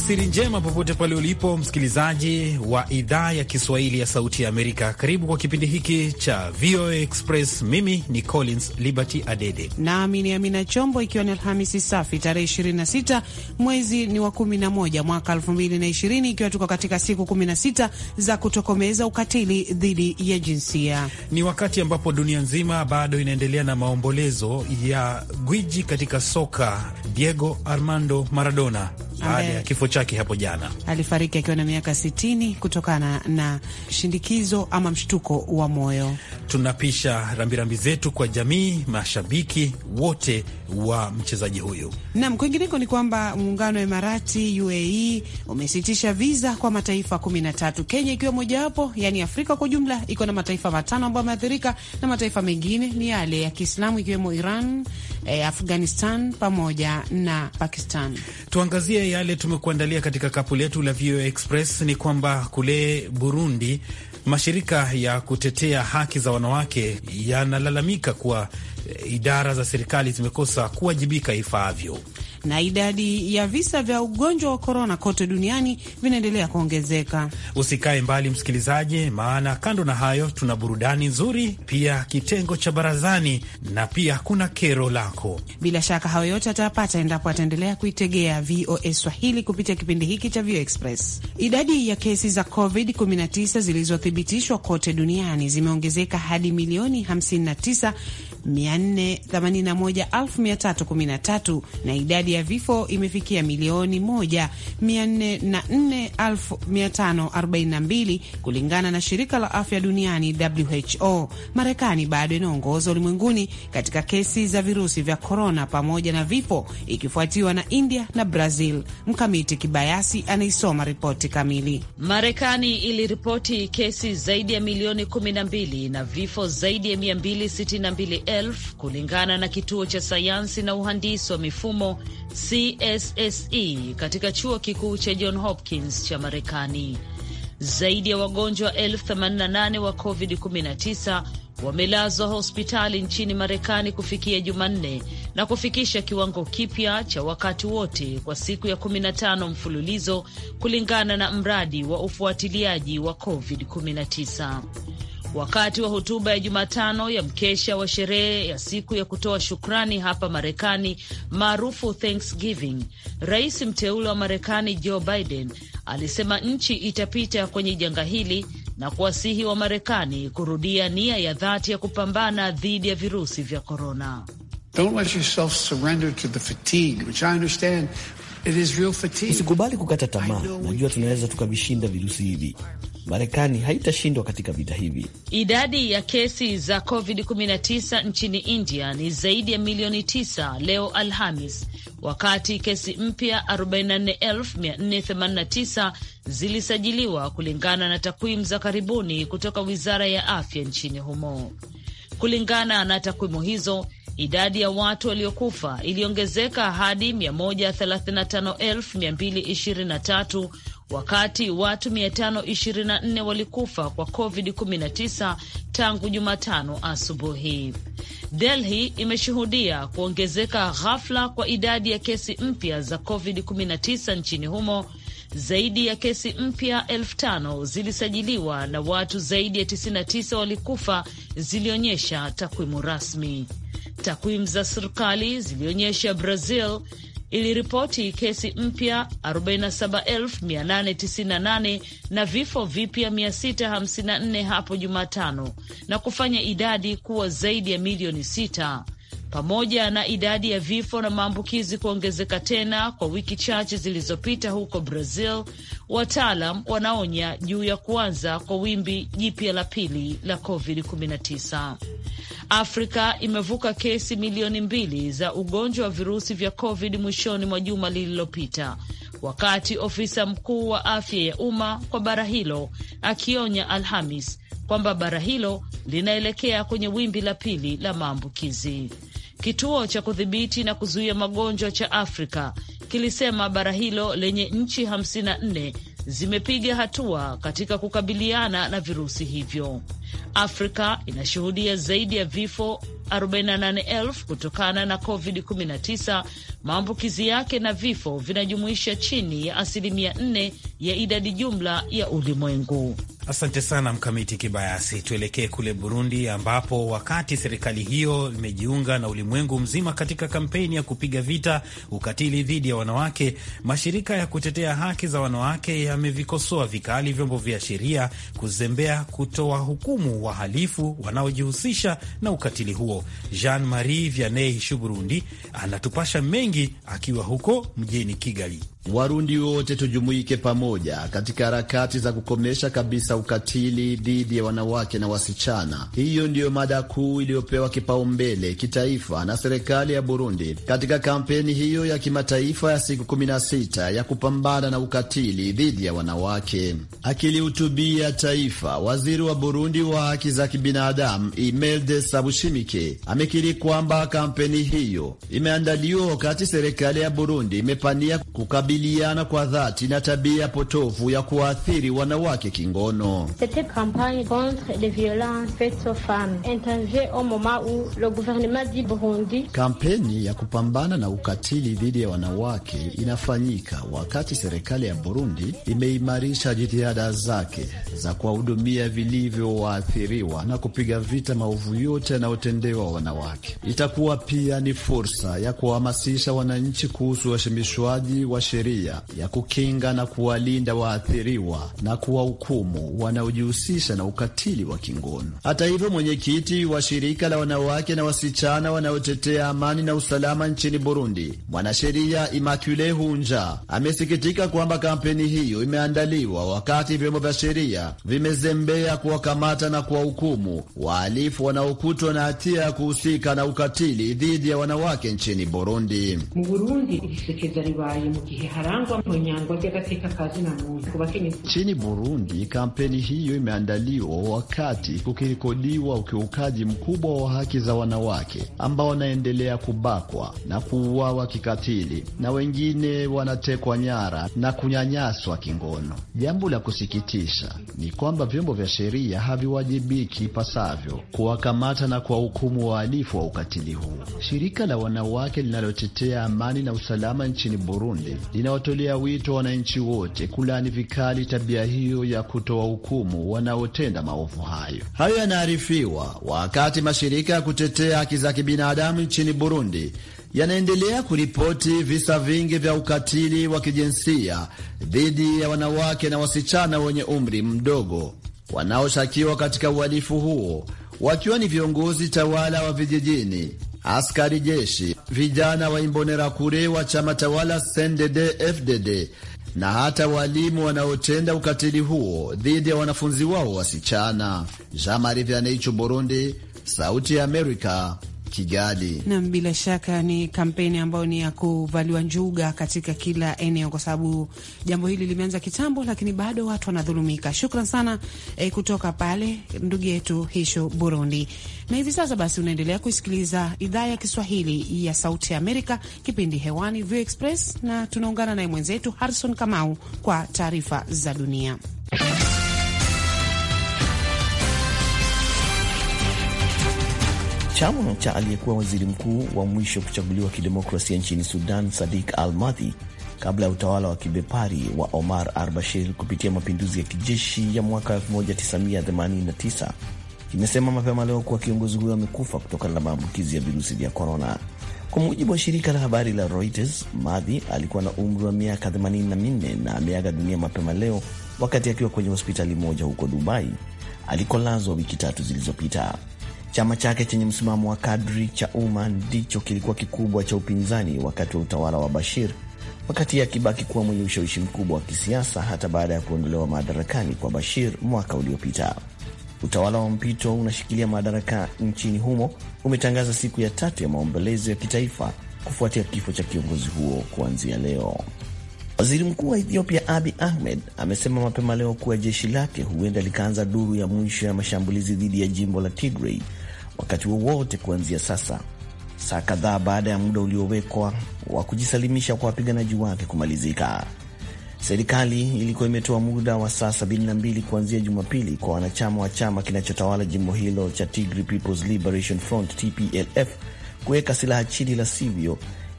Alasiri njema popote pale ulipo msikilizaji wa idhaa ya Kiswahili ya Sauti ya Amerika, karibu kwa kipindi hiki cha VOA Express. Mimi ni Collins Liberty Adede nami ni Amina Chombo, ikiwa ni Alhamisi safi tarehe 26 mwezi ni wa 11 mwaka 2020, ikiwa tuko katika siku 16 za kutokomeza ukatili dhidi ya jinsia. Ni wakati ambapo dunia nzima bado inaendelea na maombolezo ya gwiji katika soka Diego Armando Maradona baada ya kifo chake hapo jana. Alifariki akiwa na miaka 60 kutokana na shindikizo ama mshtuko wa moyo. Tunapisha rambirambi rambi zetu kwa jamii, mashabiki wote wa mchezaji huyu. Nam, kwingineko ni kwamba muungano wa Imarati UAE umesitisha viza kwa mataifa 13, Kenya ikiwa mojawapo. Yani Afrika kwa jumla iko na mataifa matano ambayo ameathirika, na mataifa mengine ni yale ya Kiislamu ikiwemo Iran, eh, Afghanistan pamoja na Pakistan. Tuangazie yale tumekuwa tulizokuandalia katika kapu letu la VOA Express ni kwamba kule Burundi mashirika ya kutetea haki za wanawake yanalalamika kuwa eh, idara za serikali zimekosa kuwajibika ifaavyo na idadi ya visa vya ugonjwa wa korona kote duniani vinaendelea kuongezeka. Usikae mbali msikilizaji, maana kando na hayo tuna burudani nzuri pia, kitengo cha barazani na pia kuna kero lako. Bila shaka hayo yote atayapata endapo ataendelea kuitegea VOA Swahili kupitia kipindi hiki cha VOA Express. Idadi ya kesi za COVID-19 zilizothibitishwa kote duniani zimeongezeka hadi milioni 59 481,313 na idadi ya vifo imefikia milioni 1,404,542 kulingana na shirika la afya duniani WHO. Marekani bado inaongoza ulimwenguni katika kesi za virusi vya korona pamoja na vifo, ikifuatiwa na India na Brazil. Mkamiti Kibayasi anaisoma ripoti kamili. Marekani iliripoti kesi zaidi ya milioni 12 na vifo zaidi ya elfu kulingana na kituo cha sayansi na uhandisi wa mifumo CSSE katika chuo kikuu cha John Hopkins cha Marekani. Zaidi ya wagonjwa elfu 88 wa COVID-19 wamelazwa hospitali nchini Marekani kufikia Jumanne na kufikisha kiwango kipya cha wakati wote kwa siku ya 15 mfululizo kulingana na mradi wa ufuatiliaji wa COVID-19. Wakati wa hotuba ya Jumatano ya mkesha wa sherehe ya siku ya kutoa shukrani hapa Marekani maarufu Thanksgiving, rais mteule wa Marekani Joe Biden alisema nchi itapita kwenye janga hili na kuwasihi wa Marekani kurudia nia ya dhati ya kupambana dhidi ya virusi vya korona. Usikubali kukata tamaa, najua tunaweza tukavishinda virusi hivi. Marekani haitashindwa katika vita hivi. Idadi ya kesi za COVID-19 nchini India ni zaidi ya milioni 9 leo Alhamis, wakati kesi mpya 44489 zilisajiliwa kulingana na takwimu za karibuni kutoka wizara ya afya nchini humo. Kulingana na takwimu hizo Idadi ya watu waliokufa iliongezeka hadi 135,223 wakati watu 524 walikufa kwa COVID-19 tangu Jumatano asubuhi. Delhi imeshuhudia kuongezeka ghafla kwa idadi ya kesi mpya za COVID-19 nchini humo. Zaidi ya kesi mpya elfu tano zilisajiliwa na watu zaidi ya 99 walikufa, zilionyesha takwimu rasmi. Takwimu za serikali zilionyesha Brazil iliripoti kesi mpya 47898 na vifo vipya 654 hapo Jumatano na kufanya idadi kuwa zaidi ya milioni sita pamoja na idadi ya vifo na maambukizi kuongezeka tena kwa wiki chache zilizopita huko Brazil, wataalam wanaonya juu ya kuanza kwa wimbi jipya la pili la COVID-19. Afrika imevuka kesi milioni mbili za ugonjwa wa virusi vya COVID mwishoni mwa juma lililopita, wakati ofisa mkuu wa afya ya umma kwa bara hilo akionya Alhamis kwamba bara hilo linaelekea kwenye wimbi la pili la maambukizi. Kituo cha kudhibiti na kuzuia magonjwa cha Afrika kilisema bara hilo lenye nchi 54 zimepiga hatua katika kukabiliana na virusi hivyo. Afrika inashuhudia zaidi ya vifo 48,000 kutokana na COVID-19. Maambukizi yake na vifo vinajumuisha chini ya asilimia 4 ya idadi jumla ya ulimwengu. Asante sana Mkamiti Kibayasi. Tuelekee kule Burundi, ambapo wakati serikali hiyo imejiunga na ulimwengu mzima katika kampeni ya kupiga vita ukatili dhidi ya wanawake, mashirika ya kutetea haki za wanawake yamevikosoa vikali vyombo vya sheria kuzembea kutoa hukumu wahalifu wanaojihusisha na ukatili huo. Jean Marie Vianney Shu Burundi anatupasha mengi akiwa huko mjini Kigali. Warundi wote tujumuike pamoja katika harakati za kukomesha kabisa ukatili dhidi ya wanawake na wasichana. Hiyo ndiyo mada kuu iliyopewa kipaumbele kitaifa na serikali ya Burundi katika kampeni hiyo ya kimataifa ya siku 16 ya kupambana na ukatili dhidi ya wanawake. Akilihutubia taifa, waziri wa Burundi wa haki za kibinadamu Imelde Sabushimike amekiri kwamba kampeni hiyo imeandaliwa wakati serikali ya Burundi imepania kukabili kukabiliana kwa dhati na tabia potovu ya kuwaathiri wanawake kingono. Kampeni ya kupambana na ukatili dhidi ya wanawake inafanyika wakati serikali ya Burundi imeimarisha jitihada zake za kuwahudumia vilivyowaathiriwa na kupiga vita maovu yote yanayotendewa wanawake. Itakuwa pia ni fursa ya kuwahamasisha wananchi kuhusu uheshimishwaji wa sheria sheria ya kukinga na kuwalinda waathiriwa na kuwahukumu wanaojihusisha na ukatili wa kingono. Hata hivyo, mwenyekiti wa shirika la wanawake na wasichana wanaotetea amani na usalama nchini Burundi, mwanasheria imacule Hunja, amesikitika kwamba kampeni hiyo imeandaliwa wakati vyombo vya sheria vimezembea kuwakamata na kuwahukumu wahalifu wanaokutwa na hatia ya kuhusika na ukatili dhidi ya wanawake nchini Burundi. Mu Burundi mu gihe harangwa Munyangoge gateka kazi na muntu kubakenya. Nchini Burundi, kampeni hiyo imeandaliwa wakati kukirikodiwa ukiukaji mkubwa wa haki za wanawake ambao wanaendelea kubakwa na kuuawa kikatili na wengine wanatekwa nyara na kunyanyaswa kingono. Jambo la kusikitisha ni kwamba vyombo vya sheria haviwajibiki pasavyo kuwakamata na kuwahukumu wahalifu wa ukatili huu. Shirika la wanawake linalotetea amani na usalama nchini Burundi inawatolea wito wananchi wote kulani vikali tabia hiyo ya kutoa hukumu wanaotenda maovu hayo. Hayo yanaarifiwa wakati mashirika ya kutetea haki za kibinadamu nchini Burundi yanaendelea kuripoti visa vingi vya ukatili wa kijinsia dhidi ya wanawake na wasichana wenye umri mdogo. wanaoshakiwa katika uhalifu huo wakiwa ni viongozi tawala wa vijijini Askari jeshi, vijana wa Imbonerakure wa chama tawala CNDD FDD na hata walimu wanaotenda ukatili huo dhidi ya wanafunzi wao wasichana. Jamari Marie Burundi, Sauti ya Amerika, Kigali. Naam, bila shaka ni kampeni ambayo ni ya kuvaliwa njuga katika kila eneo, kwa sababu jambo hili limeanza kitambo, lakini bado watu wanadhulumika. Shukran sana eh, kutoka pale ndugu yetu Hisho Burundi. Na hivi sasa basi unaendelea kuisikiliza idhaa ya Kiswahili ya Sauti ya Amerika, kipindi hewani View Express, na tunaungana naye mwenzetu Harrison Kamau kwa taarifa za dunia. Chama cha aliyekuwa waziri mkuu wa mwisho kuchaguliwa kidemokrasia nchini Sudan, Sadik Al Madhi, kabla ya utawala wa kibepari wa Omar Al Bashir kupitia mapinduzi ya kijeshi ya mwaka 1989 kimesema mapema leo kuwa kiongozi huyo amekufa kutokana na maambukizi ya virusi vya korona. Kwa mujibu wa shirika la habari la Reuters, Madhi alikuwa na umri wa miaka 84 na ameaga dunia mapema leo wakati akiwa kwenye hospitali moja huko Dubai alikolazwa wiki tatu zilizopita. Chama chake chenye msimamo wa kadri cha umma ndicho kilikuwa kikubwa cha upinzani wakati wa utawala wa Bashir, wakati akibaki kuwa mwenye ushawishi mkubwa wa kisiasa hata baada ya kuondolewa madarakani kwa Bashir mwaka uliopita. Utawala wa mpito unashikilia madaraka nchini humo umetangaza siku ya tatu ya maombolezo ya kitaifa kufuatia kifo cha kiongozi huo kuanzia leo. Waziri mkuu wa Ethiopia Abi Ahmed amesema mapema leo kuwa jeshi lake huenda likaanza duru ya mwisho ya mashambulizi dhidi ya jimbo la Tigray wakati wowote kuanzia sasa, saa kadhaa baada ya muda uliowekwa wa kujisalimisha kwa wapiganaji wake kumalizika. Serikali ilikuwa imetoa muda wa saa 72 kuanzia Jumapili kwa wanachama wa chama kinachotawala jimbo hilo cha Tigray People's Liberation Front TPLF kuweka silaha chini, la sivyo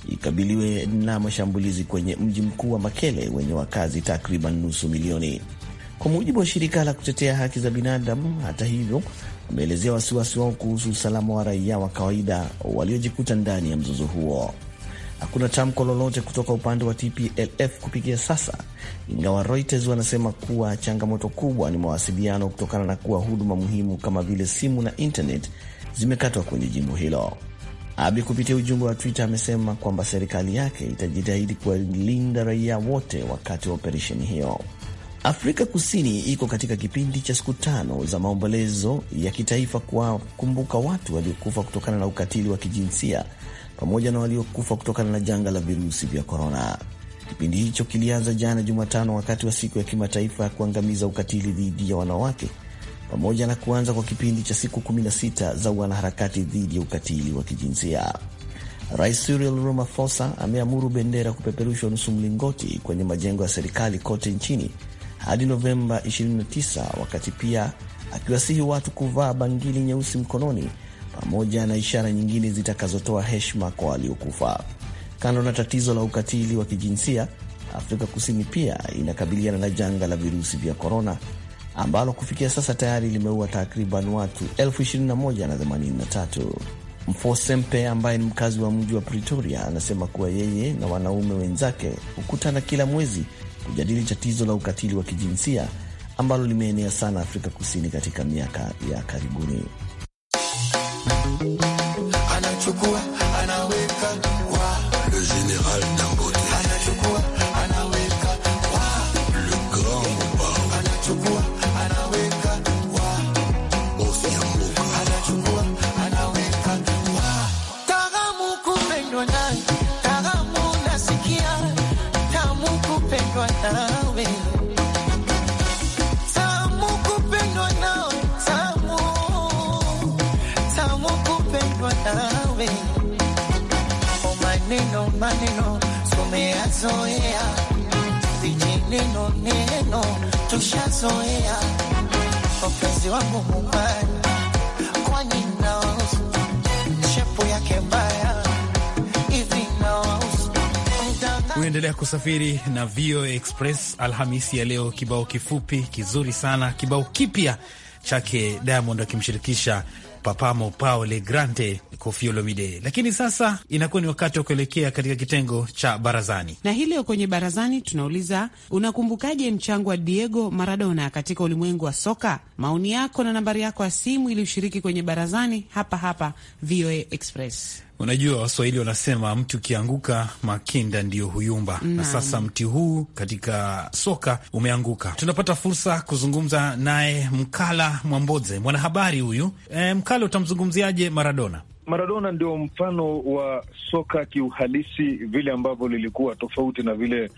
ikabiliwe na mashambulizi kwenye mji mkuu wa Makele wenye wakazi takriban nusu milioni kwa mujibu wa shirika la kutetea haki za binadamu. Hata hivyo, wameelezea wasiwasi wao kuhusu usalama wa raia wa kawaida waliojikuta ndani ya mzozo huo. Hakuna tamko lolote kutoka upande wa TPLF kupigia sasa, ingawa Reuters wanasema kuwa changamoto kubwa ni mawasiliano kutokana na kuwa huduma muhimu kama vile simu na internet zimekatwa kwenye jimbo hilo. Abi kupitia ujumbe wa Twitter amesema kwamba serikali yake itajitahidi kuwalinda raia wote wakati wa operesheni hiyo. Afrika Kusini iko katika kipindi cha siku tano za maombolezo ya kitaifa kuwakumbuka watu waliokufa kutokana na ukatili wa kijinsia pamoja na waliokufa kutokana na janga la virusi vya korona. Kipindi hicho kilianza jana Jumatano wakati wa siku ya kimataifa ya kuangamiza ukatili dhidi ya wanawake pamoja na kuanza kwa kipindi cha siku 16 za wanaharakati dhidi ya ukatili wa kijinsia. Rais Cyril Ramaphosa ameamuru bendera kupeperushwa nusu mlingoti kwenye majengo ya serikali kote nchini hadi Novemba 29, wakati pia akiwasihi watu kuvaa bangili nyeusi mkononi pamoja na ishara nyingine zitakazotoa heshima kwa waliokufa. Kando na tatizo la ukatili wa kijinsia, Afrika Kusini pia inakabiliana na janga la virusi vya korona ambalo kufikia sasa tayari limeua takriban watu 21,083. Mfosempe ambaye ni mkazi wa mji wa Pretoria anasema kuwa yeye na wanaume wenzake hukutana kila mwezi kujadili tatizo la ukatili wa kijinsia ambalo limeenea sana Afrika Kusini katika miaka ya karibuni. Anachukua, anaweka, wa, le general tushazoea, tushazoea, wangu mubaya, kwani shepu yake mbaya hivi Unaendelea kusafiri na VOA Express Alhamisi ya leo, kibao kifupi kizuri sana, kibao kipya chake Diamond akimshirikisha papamo Paole grante Koffi Olomide. Lakini sasa inakuwa ni wakati wa kuelekea katika kitengo cha barazani, na hii leo kwenye barazani tunauliza unakumbukaje mchango wa Diego Maradona katika ulimwengu wa soka? Maoni yako na nambari yako ya simu ili ushiriki kwenye barazani hapa hapa VOA Express. Unajua, Waswahili wanasema mti ukianguka makinda ndiyo huyumba na, na sasa mti huu katika soka umeanguka. Tunapata fursa kuzungumza naye Mkala Mwamboze, mwanahabari huyu. E, Mkala, utamzungumziaje Maradona? Maradona ndio mfano wa soka kiuhalisi, vile ambavyo lilikuwa tofauti na vile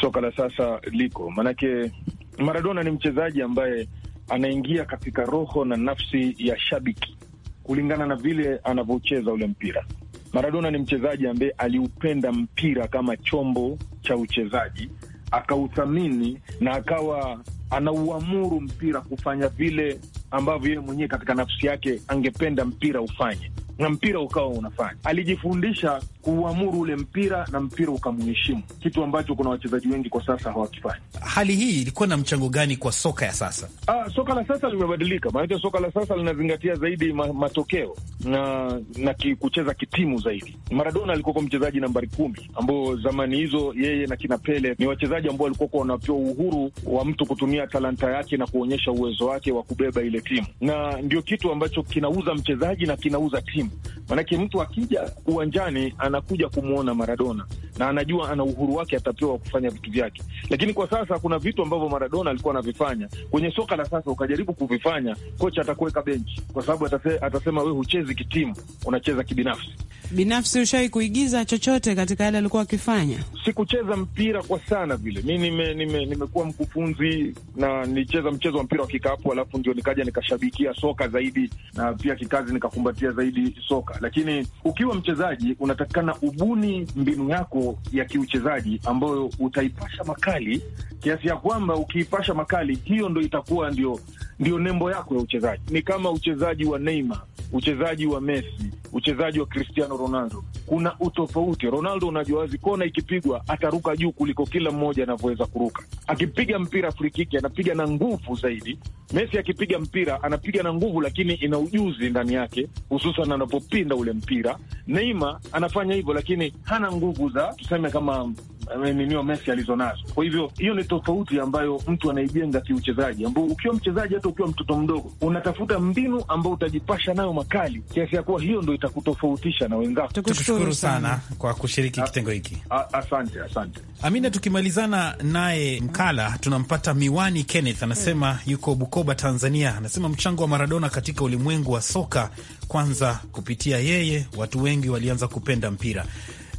soka la sasa liko. Maanake Maradona ni mchezaji ambaye anaingia katika roho na nafsi ya shabiki kulingana na vile anavyocheza ule mpira. Maradona ni mchezaji ambaye aliupenda mpira kama chombo cha uchezaji, akauthamini na akawa anauamuru mpira kufanya vile ambavyo yeye mwenyewe katika nafsi yake angependa mpira ufanye, na mpira ukawa unafanya. Alijifundisha kuuamuru ule mpira na mpira ukamuheshimu, kitu ambacho kuna wachezaji wengi kwa sasa hawakifanyi. Hali hii ilikuwa na mchango gani kwa soka ya sasa? Aa, ah, soka la sasa limebadilika, maanake soka la sasa linazingatia zaidi ma matokeo na na ki kucheza kitimu zaidi. Maradona alikuwa mchezaji nambari kumi, ambao zamani hizo yeye na kina Pele ni wachezaji ambao walikuwa wanapewa uhuru wa mtu kutumia talanta yake na kuonyesha uwezo wake wa kubeba ile timu, na ndio kitu ambacho kinauza mchezaji na kinauza timu, maanake mtu akija uwanjani anakuja kumwona Maradona na anajua ana uhuru wake, atapewa kufanya vitu vyake. Lakini kwa sasa kuna vitu ambavyo Maradona alikuwa anavifanya kwenye soka la sasa, ukajaribu kuvifanya, kocha atakuweka benchi, kwa sababu atase, atasema we huchezi kitimu, unacheza kibinafsi. Binafsi ushawai kuigiza chochote katika yale alikuwa akifanya? Sikucheza mpira kwa sana vile, mi nimekuwa nime, nime mkufunzi na nilicheza mchezo wa mpira wa kikapu, alafu ndio nikaja nikashabikia soka zaidi, na pia kikazi nikakumbatia zaidi soka. Lakini ukiwa mchezaji unatakikana sana ubuni mbinu yako ya kiuchezaji ambayo utaipasha makali kiasi ya kwamba ukiipasha makali hiyo ndo itakuwa ndio ndio nembo yako ya uchezaji. Ni kama uchezaji wa Neymar, uchezaji wa Messi, uchezaji wa Cristiano Ronaldo. Kuna utofauti. Ronaldo unajua wazi, kona ikipigwa ataruka juu kuliko kila mmoja anavyoweza kuruka. Akipiga mpira free kick anapiga na nguvu zaidi. Messi akipiga mpira anapiga na nguvu, lakini ina ujuzi ndani yake, hususan anapopinda ule mpira. Neymar anafanya hivyo, lakini hana nguvu za tuseme kama eh, ninio Messi alizonazo. Kwa hivyo hiyo ni tofauti ambayo mtu anaijenga kiuchezaji, ambao ukiwa mchezaji hata ukiwa mtoto mdogo, unatafuta mbinu ambayo utajipasha nayo makali kiasi ya kuwa hiyo ndo itakutofautisha na wenzako. Tukushukuru sana kwa kushiriki a, kitengo hiki asante asante Amina. Tukimalizana naye Mkala tunampata Miwani Kenneth, anasema hmm. yuko Bukoba, Tanzania. Anasema mchango wa Maradona katika ulimwengu wa soka, kwanza kupitia yeye watu wengi walianza kupenda mpira.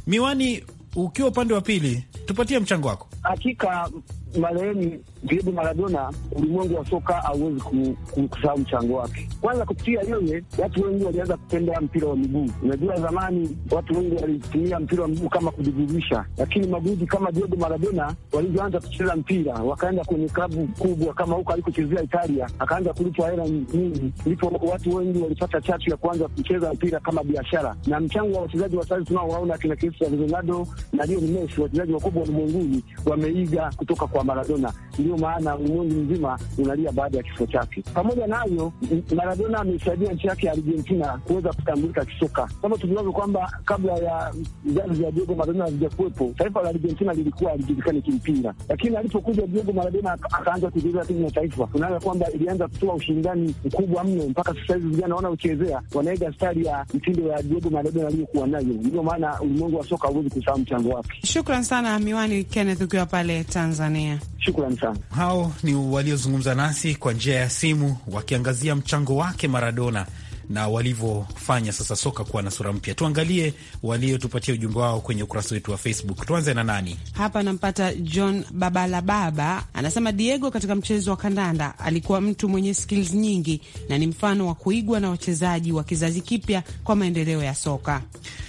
Miwani, ukiwa upande wa pili, tupatie mchango wako. Hakika marehemu Diego Maradona, ulimwengu wa soka hauwezi kusahau mchango wake. Kwanza kupitia yeye watu wengi walianza kupenda mpira wa miguu. Unajua, zamani watu wengi walitumia mpira wa miguu kama kujiburudisha, lakini magwiji kama Diego Maradona walivyoanza kucheza mpira, wakaenda kwenye klabu kubwa kama huko alikochezea Italia, akaanza kulipwa hela nyingi, ndipo watu wengi walipata chachu ya kuanza kucheza mpira kama biashara. Na mchango wa wachezaji wa sasa tunaowaona kina Cristiano Ronaldo na Lionel Messi, wachezaji wakubwa ulimwenguni, wameiga kutoka kwa Maradona. Ndio maana ulimwengu mzima unalia baada ya kifo chake. Pamoja na hayo, Maradona ameisaidia nchi yake ya Argentina kuweza kutambulika kisoka, kama tujuavyo kwamba kabla ya vizazi vya Diego Maradona havijakuwepo, taifa la Argentina lilikuwa halijulikani kimpira, lakini alipokuja Diego Maradona akaanza kuchezea timu ya taifa, tunaona kwamba ilianza kutoa ushindani mkubwa mno. Mpaka sasa hivi vijana wanaochezea wanaiga stari ya mtindo ya Diego Maradona aliyokuwa nayo. Ndio maana ulimwengu wa soka hauwezi kusahau mchango wake. Shukran sana Miwani Kenneth ukiwa pale Tanzania. Kenya. Shukrani sana. Hao ni waliozungumza nasi kwa njia ya simu wakiangazia mchango wake Maradona na walivyofanya sasa soka kuwa na sura mpya. Tuangalie waliotupatia ujumbe wao kwenye ukurasa wetu wa Facebook. Tuanze na nani hapa? Nampata John Babalababa, anasema Diego katika mchezo wa kandanda alikuwa mtu mwenye skills nyingi na ni mfano wa kuigwa na wachezaji wa kizazi kipya kwa maendeleo ya soka.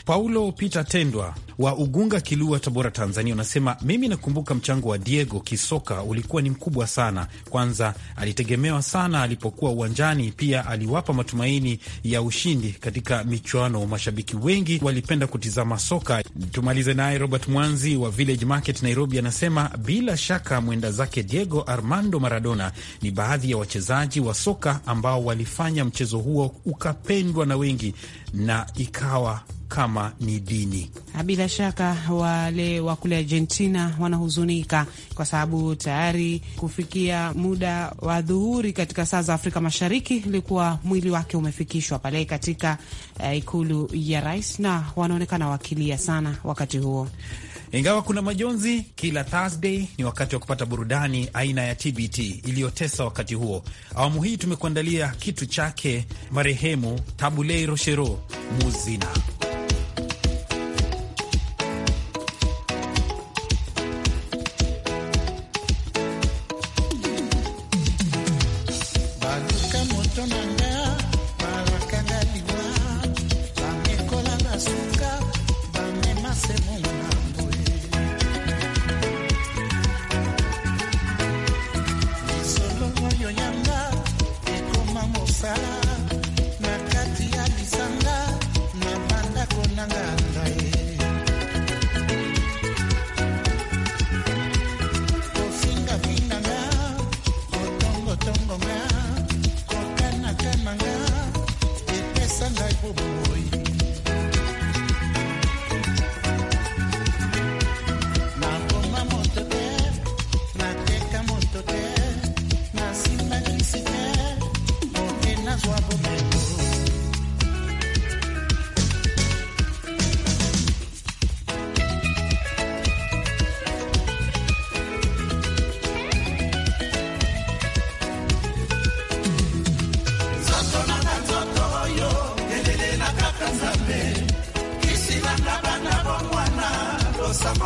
Paulo Peter Tendwa wa Ugunga Kilua, Tabora, Tanzania, unasema mimi nakumbuka mchango wa Diego kisoka ulikuwa ni mkubwa sana. Kwanza alitegemewa sana alipokuwa uwanjani, pia aliwapa matumaini ya ushindi katika michuano. Mashabiki wengi walipenda kutizama soka. Tumalize naye Robert Mwanzi wa Village Market Nairobi anasema bila shaka mwenda zake Diego Armando Maradona ni baadhi ya wachezaji wa soka ambao walifanya mchezo huo ukapendwa na wengi na ikawa kama ni dini. Ah, bila shaka wale wa kule Argentina wanahuzunika kwa sababu tayari kufikia muda wa dhuhuri katika saa za Afrika Mashariki ilikuwa mwili wake umefikishwa pale katika uh, ikulu ya rais, na wanaonekana wakilia sana wakati huo. Ingawa kuna majonzi, kila Thursday ni wakati wa kupata burudani aina ya TBT iliyotesa wakati huo. Awamu hii tumekuandalia kitu chake marehemu Tabulei roshero Muzina.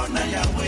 mbona yawe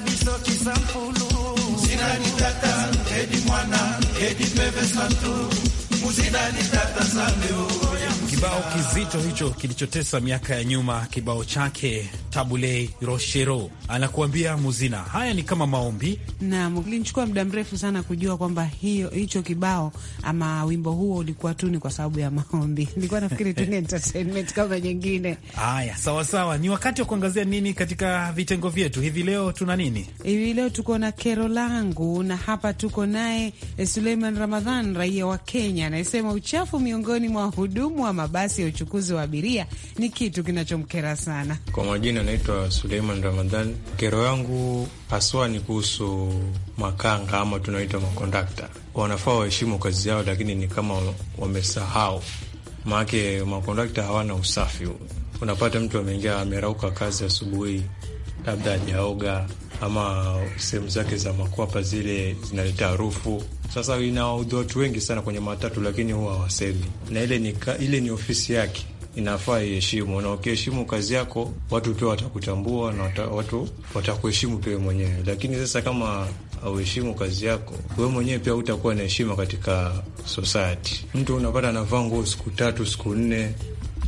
biso kisampulu Zidani tata edi mwana edi peve santu Muzidani tata sandeo Kibao kizito hicho kilichotesa miaka ya nyuma, kibao chake Tabule Roshero anakuambia Muzina, haya ni kama maombi. Naam, ulinichukua muda mrefu sana kujua kwamba hiyo hicho kibao ama wimbo huo ulikuwa tu ni kwa sababu ya maombi. Nilikuwa nafikiri tu ni entertainment kama nyingine. Haya, sawa sawa, ni wakati wa kuangazia nini katika vitengo vyetu hivi leo. Tuna nini hivi leo? Tuko na kero langu, na hapa tuko naye eh, Suleiman Ramadhan, raia wa Kenya, anayesema uchafu miongoni mwa hudumu wa mabasi ya uchukuzi wa abiria ni kitu kinachomkera sana. Kwa majina Naitwa Suleiman Ramadhan. Kero yangu haswa ni kuhusu makanga ama tunaoita makondakta. Wanafaa waheshimu kazi yao, lakini ni kama wamesahau, maanake makondakta hawana usafi. Unapata mtu ameingia amerauka kazi asubuhi, labda hajaoga ama sehemu zake za makwapa zile zinaleta harufu. Sasa ina watu wengi sana kwenye matatu, lakini huwa hawasemi, na ile ni, ile ni ofisi yake inafaa iheshimu, na ukiheshimu kazi yako watu pia watakutambua na watu watakuheshimu pia mwenyewe. Lakini sasa kama auheshimu kazi yako wewe mwenyewe, pia utakuwa na heshima katika society. Mtu unapata anavaa nguo siku tatu siku nne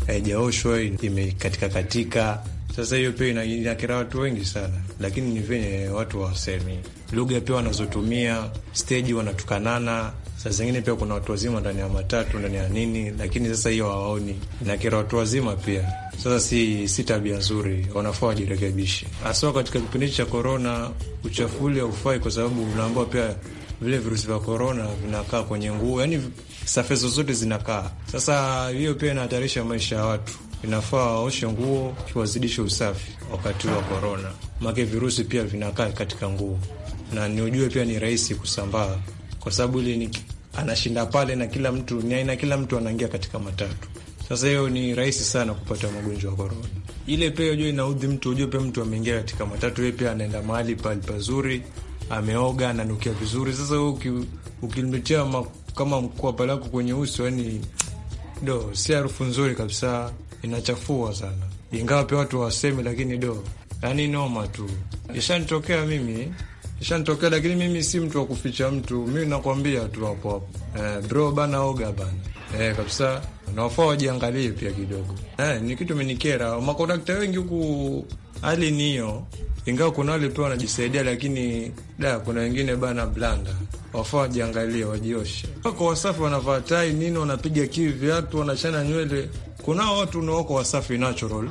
haijaoshwa imekatika katika. Sasa hiyo pia inakera watu wengi sana, lakini ni venye watu wasemi lugha pia wanazotumia steji, wanatukanana Saa zingine pia kuna watu wazima ndani ya matatu, ndani ya nini, lakini sasa hiyo hawaoni, nakera watu wazima pia. Sasa si, si tabia nzuri, wanafaa wajirekebishe, haswa katika kipindi cha korona. Uchafu ule haufai, kwa sababu unaambiwa pia vile virusi vya korona vinakaa kwenye nguo, yani safe zozote zinakaa. Sasa hiyo pia inahatarisha maisha ya watu. Inafaa waoshe nguo, wazidishe usafi wakati wa korona, make virusi pia vinakaa katika nguo, na niujue pia ni rahisi kusambaa, kwa sababu ile ni anashinda pale na kila mtu ni aina, kila mtu anaingia katika matatu. Sasa hiyo ni rahisi sana kupata magonjwa ya korona. Ile pia ujue inaudhi mtu, ujue pia mtu ameingia katika matatu, yeye pia anaenda mahali pali pazuri, ameoga, ananukia vizuri. Sasa wewe ukimletea kama mkua pale wako kwenye uso, yani do, si harufu nzuri kabisa, inachafua sana, ingawa pia watu wasemi, lakini do, yani noma tu, ishanitokea mimi ishantokea, lakini mimi si mtu wa kuficha mtu, mi nakwambia tu hapo hapo eh, bro bana, oga bana eh, kabisa nawafaa wajiangalie pia kidogo eh, ni kitu menikera. Makondakta wengi huku hali ni hiyo, ingawa kuna wale pia wanajisaidia, lakini da, kuna wengine bana blanda, wafaa wajiangalie, wajioshe. Wako wasafi, wanavaa tai nini, wanapiga kivi, watu wanachana nywele kuna watu unaoko wasafi natural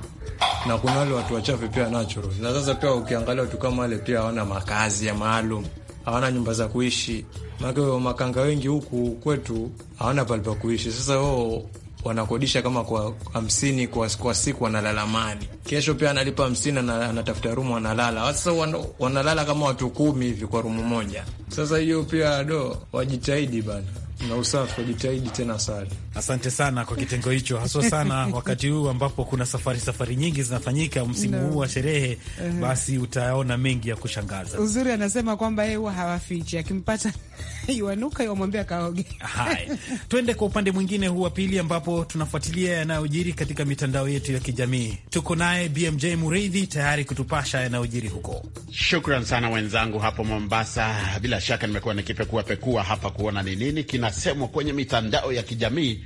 na kuna wale watu wachafu pia natural. Na sasa pia ukiangalia watu kama wale pia hawana makazi ya maalum, hawana nyumba za kuishi. Maana makanga wengi huku kwetu hawana pa kuishi. Sasa wao wanakodisha kama kwa hamsini kwa, kwa siku wanalala mali. Kesho pia analipa hamsini anatafuta rumu analala. Sasa wan, wanalala kama watu kumi hivi kwa rumu moja. Sasa hiyo pia do wajitahidi bana na usafi wajitahidi tena sana. Asante sana kwa kitengo hicho haswa sana wakati huu ambapo kuna safari safari nyingi zinafanyika msimu huu no. wa sherehe uh -huh. Basi utaona mengi ya kushangaza. Uzuri anasema kwamba yeye huwa hawafichi, akimpata iwanuka iwamwambia kaoge. Haya, twende kwa upande mwingine huu wa pili ambapo tunafuatilia yanayojiri katika mitandao yetu ya kijamii. Tuko naye BMJ Mureithi tayari kutupasha yanayojiri huko. Shukran sana wenzangu hapo Mombasa. Bila shaka nimekuwa nikipekuapekua hapa kuona ni nini kina yanasemwa kwenye mitandao ya kijamii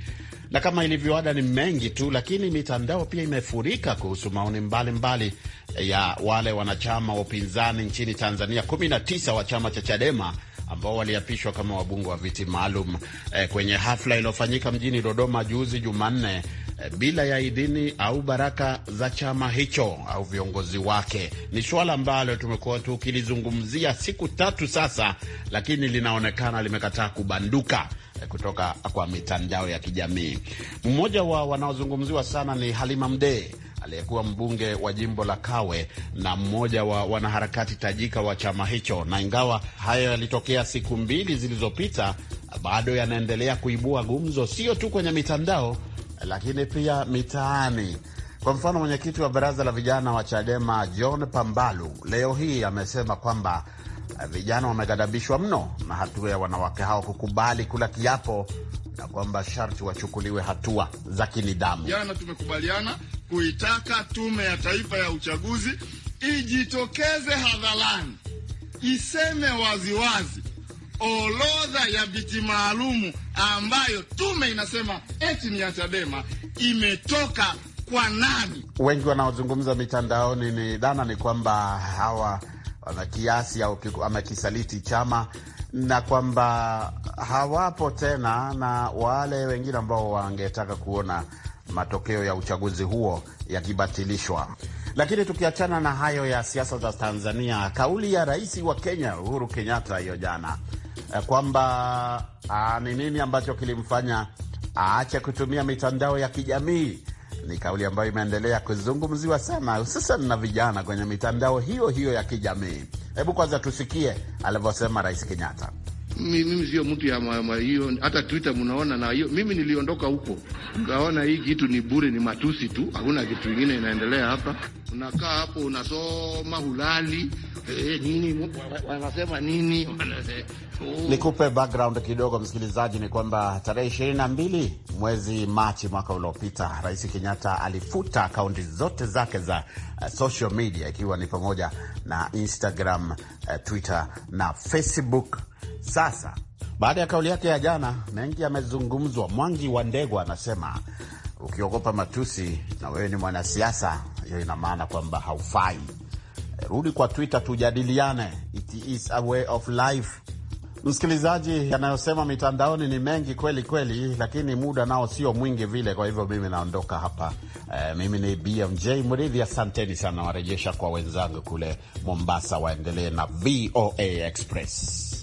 na kama ilivyo ada ni mengi tu, lakini mitandao pia imefurika kuhusu maoni mbalimbali ya wale wanachama wa upinzani nchini Tanzania, 19 wa chama cha Chadema ambao waliapishwa kama wabunge wa viti maalum eh, kwenye hafla iliyofanyika mjini Dodoma juzi Jumanne bila ya idhini au baraka za chama hicho au viongozi wake. Ni suala ambalo tumekuwa tukilizungumzia siku tatu sasa, lakini linaonekana limekataa kubanduka kutoka kwa mitandao ya kijamii. Mmoja wa wanaozungumziwa sana ni Halima Mdee aliyekuwa mbunge wa jimbo la Kawe na mmoja wa wanaharakati tajika wa chama hicho, na ingawa hayo yalitokea siku mbili zilizopita, bado yanaendelea kuibua gumzo, sio tu kwenye mitandao lakini pia mitaani. Kwa mfano, mwenyekiti wa baraza la vijana wa Chadema John Pambalu leo hii amesema kwamba eh, vijana wamegadhabishwa mno na hatua ya wanawake hao kukubali kula kiapo na kwamba sharti wachukuliwe hatua za kinidhamu. Jana tumekubaliana kuitaka Tume ya Taifa ya Uchaguzi ijitokeze hadharani, iseme waziwazi orodha ya viti maalumu ambayo tume inasema eti ni ya Chadema imetoka kwa nani? Wengi wanaozungumza mitandaoni ni dhana ni kwamba hawa wanakiasi kiasi au amekisaliti chama na kwamba hawapo tena, na wale wengine ambao wangetaka kuona matokeo ya uchaguzi huo yakibatilishwa. Lakini tukiachana na hayo ya siasa za Tanzania, kauli ya rais wa Kenya Uhuru Kenyatta hiyo jana Eh, kwamba ah, ni nini ambacho kilimfanya aache kutumia mitandao ya kijamii. Ni kauli ambayo imeendelea kuzungumziwa sana, hususan na vijana kwenye mitandao hiyo hiyo ya kijamii. Hebu kwanza tusikie alivyosema Rais Kenyatta. Mimi sio mtu ya hiyo, hata Twitter mnaona na hiyo. Mimi niliondoka huko, nkaona hii kitu ni bure, ni matusi tu, hakuna kitu ingine inaendelea hapa unakaa hapo unasoma, hulali eh, nini wanasema nini? Oh. Nikupe background kidogo msikilizaji, ni kwamba tarehe ishirini na mbili mwezi Machi mwaka uliopita Rais Kenyatta alifuta akaunti zote zake za uh, social media ikiwa ni pamoja na Instagram, uh, Twitter na Facebook. Sasa baada ya kauli yake ya jana, mengi yamezungumzwa. Mwangi wa Ndegwa anasema Ukiogopa matusi na wewe ni mwanasiasa, hiyo ina maana kwamba haufai. Rudi kwa Twitter tujadiliane, it is a way of life. Msikilizaji, yanayosema mitandaoni ni mengi kweli kweli, lakini muda nao sio mwingi vile. Kwa hivyo mimi naondoka hapa. E, mimi ni BMJ Mridhi, asanteni sana. Warejesha kwa wenzangu kule Mombasa, waendelee na VOA Express.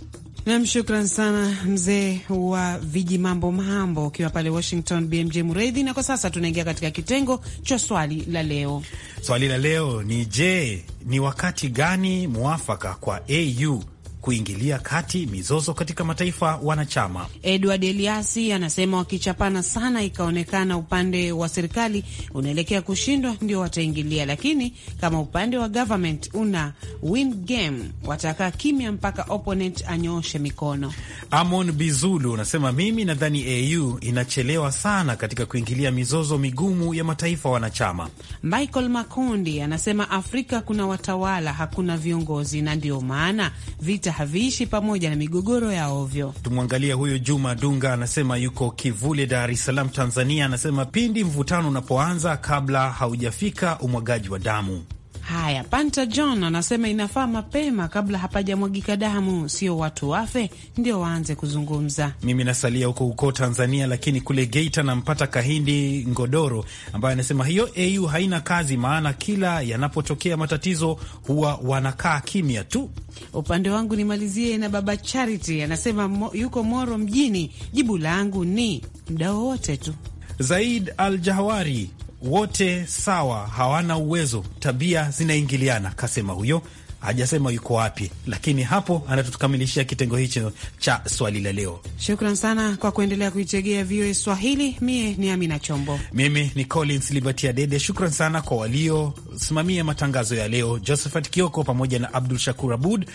Nam, shukran sana mzee wa viji mambo mambo, ukiwa pale Washington, BMJ Mredhi. Na kwa sasa tunaingia katika kitengo cha swali la leo. Swali la leo ni je, ni wakati gani mwafaka kwa au kuingilia kati mizozo katika mataifa wanachama. Edward Eliasi anasema wakichapana sana, ikaonekana upande wa serikali unaelekea kushindwa, ndio wataingilia, lakini kama upande wa government una win game, watakaa kimya mpaka opponent anyooshe mikono. Amon Bizulu anasema mimi nadhani AU inachelewa sana katika kuingilia mizozo migumu ya mataifa wanachama. Michael Makundi anasema Afrika kuna watawala, hakuna viongozi, na ndio maana vita kuhakikisha haviishi pamoja na migogoro ya ovyo. Tumwangalia huyu Juma Dunga, anasema yuko Kivule, Dar es Salaam, Tanzania. Anasema pindi mvutano unapoanza, kabla haujafika umwagaji wa damu Haya, Panta John anasema inafaa mapema kabla hapajamwagika damu, sio watu wafe ndio waanze kuzungumza. Mimi nasalia huko huko Tanzania, lakini kule Geita nampata Kahindi Ngodoro ambaye anasema hiyo au haina kazi, maana kila yanapotokea matatizo huwa wanakaa kimya tu. Upande wangu nimalizie na Baba Charity anasema mo, yuko Moro mjini, jibu langu ni mda wowote tu. Zaid Al Jahwari, wote sawa, hawana uwezo, tabia zinaingiliana, kasema huyo. Hajasema yuko wapi, lakini hapo anatukamilishia kitengo hicho cha swali la leo. Shukran sana kwa kuendelea kuitegea VOA Swahili. Mie ni Amina Chombo, mimi ni Collins Libertia Dede. Shukran sana kwa waliosimamia matangazo ya leo, Josephat Kioko pamoja na Abdul Shakur Abud,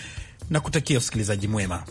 na kutakia usikilizaji mwema.